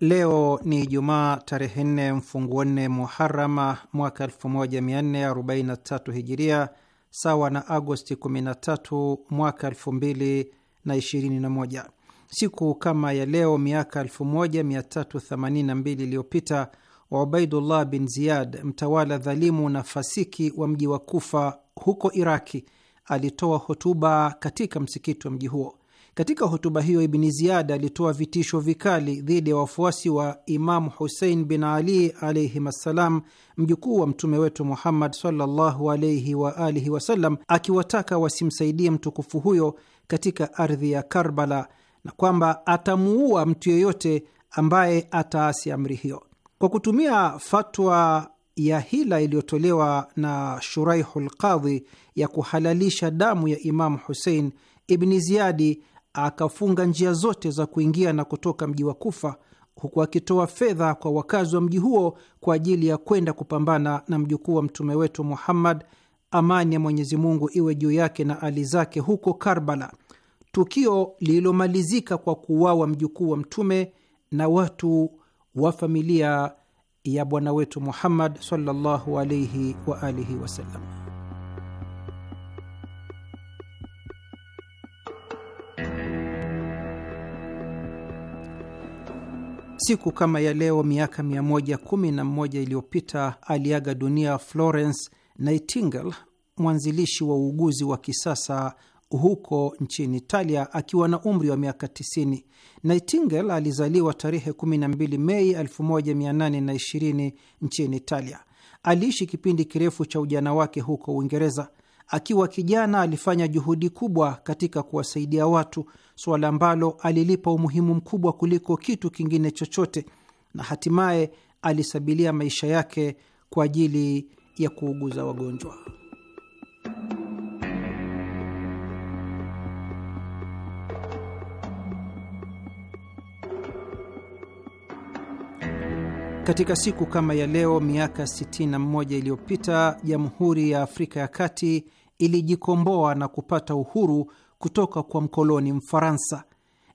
Leo ni Jumaa tarehe nne mfunguo nne Muharama mwaka 1443 Hijiria, sawa na Agosti 13 mwaka 2021. Siku kama ya leo miaka 1382 iliyopita, Ubaidullah bin Ziyad, mtawala dhalimu na fasiki wa mji wa Kufa huko Iraki, alitoa hotuba katika msikiti wa mji huo. Katika hotuba hiyo, Ibni Ziyada alitoa vitisho vikali dhidi ya wafuasi wa Imamu Husein bin Ali alaihim assalam, mjukuu wa mtume wetu Muhammad sallallahu alaihi wa alihi wasallam, akiwataka wasimsaidie mtukufu huyo katika ardhi ya Karbala na kwamba atamuua mtu yeyote ambaye ataasi amri hiyo. Kwa kutumia fatwa ya hila iliyotolewa na Shuraihu Lqadhi ya kuhalalisha damu ya Imamu Husein, Ibni Ziyadi akafunga njia zote za kuingia na kutoka mji wa Kufa, huku akitoa fedha kwa wakazi wa mji huo kwa ajili ya kwenda kupambana na mjukuu wa mtume wetu Muhammad, amani ya Mwenyezi Mungu iwe juu yake na ali zake, huko Karbala, tukio lililomalizika kwa kuuawa mjukuu wa mtume na watu wa familia ya bwana wetu Muhammad sallallahu alaihi wa alihi wasallam. Siku kama ya leo miaka 111 iliyopita aliaga dunia Florence Nightingale, mwanzilishi wa uuguzi wa kisasa huko nchini Italia akiwa na umri wa miaka 90. Nightingale alizaliwa tarehe 12 Mei 1820 nchini Italia. Aliishi kipindi kirefu cha ujana wake huko Uingereza. Akiwa kijana, alifanya juhudi kubwa katika kuwasaidia watu suala ambalo alilipa umuhimu mkubwa kuliko kitu kingine chochote, na hatimaye alisabilia maisha yake kwa ajili ya kuuguza wagonjwa. Katika siku kama ya leo miaka 61 iliyopita Jamhuri ya Afrika ya Kati ilijikomboa na kupata uhuru kutoka kwa mkoloni Mfaransa.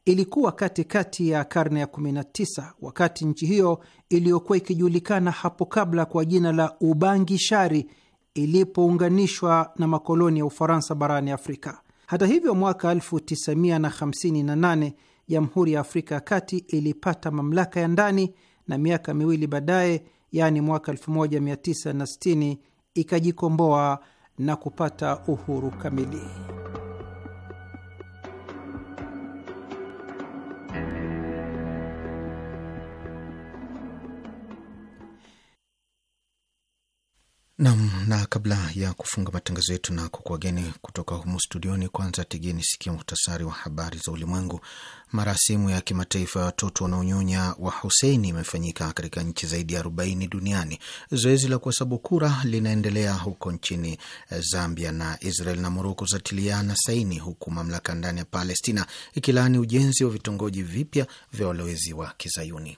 Ilikuwa katikati kati ya karne ya 19 wakati nchi hiyo iliyokuwa ikijulikana hapo kabla kwa jina la ubangi shari ilipounganishwa na makoloni ya Ufaransa barani Afrika. Hata hivyo, mwaka 1958 Jamhuri ya Afrika ya Kati ilipata mamlaka ya ndani na miaka miwili baadaye, yaani mwaka 1960 ikajikomboa na kupata uhuru kamili. Nam, na kabla ya kufunga matangazo yetu na kukuageni kutoka humu studioni, kwanza tegeni sikia muhtasari wa habari za ulimwengu. Marasimu ya kimataifa ya watoto wanaonyonya wa Huseini imefanyika katika nchi zaidi ya arobaini duniani. Zoezi la kuhesabu kura linaendelea huko nchini Zambia, na Israel na Moroko zatiliana saini, huku mamlaka ndani ya Palestina ikilaani ujenzi wa vitongoji vipya vya walowezi wa Kizayuni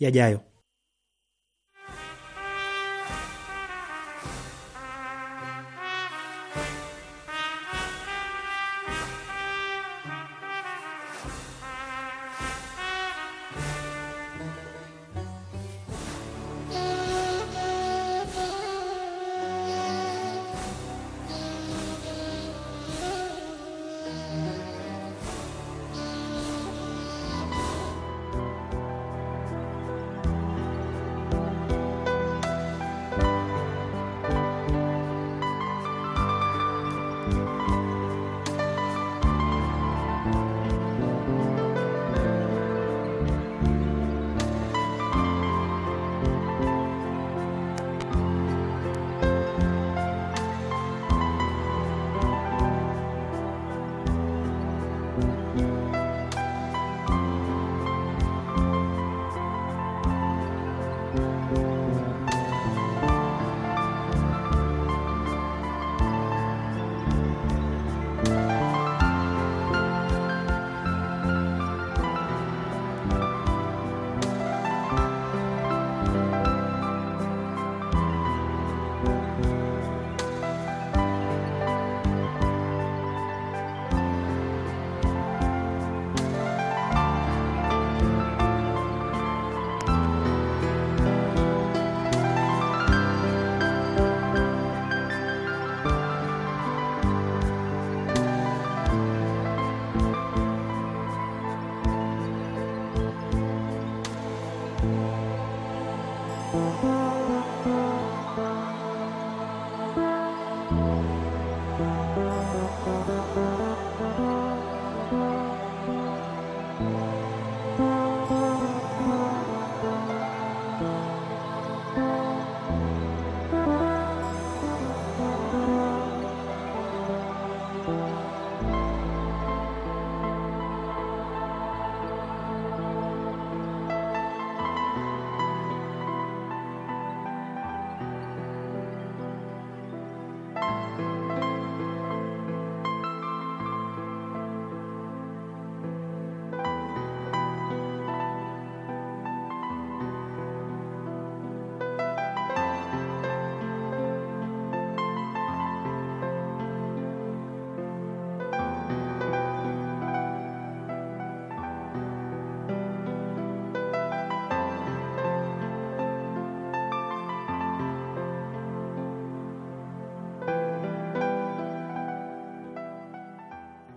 yajayo.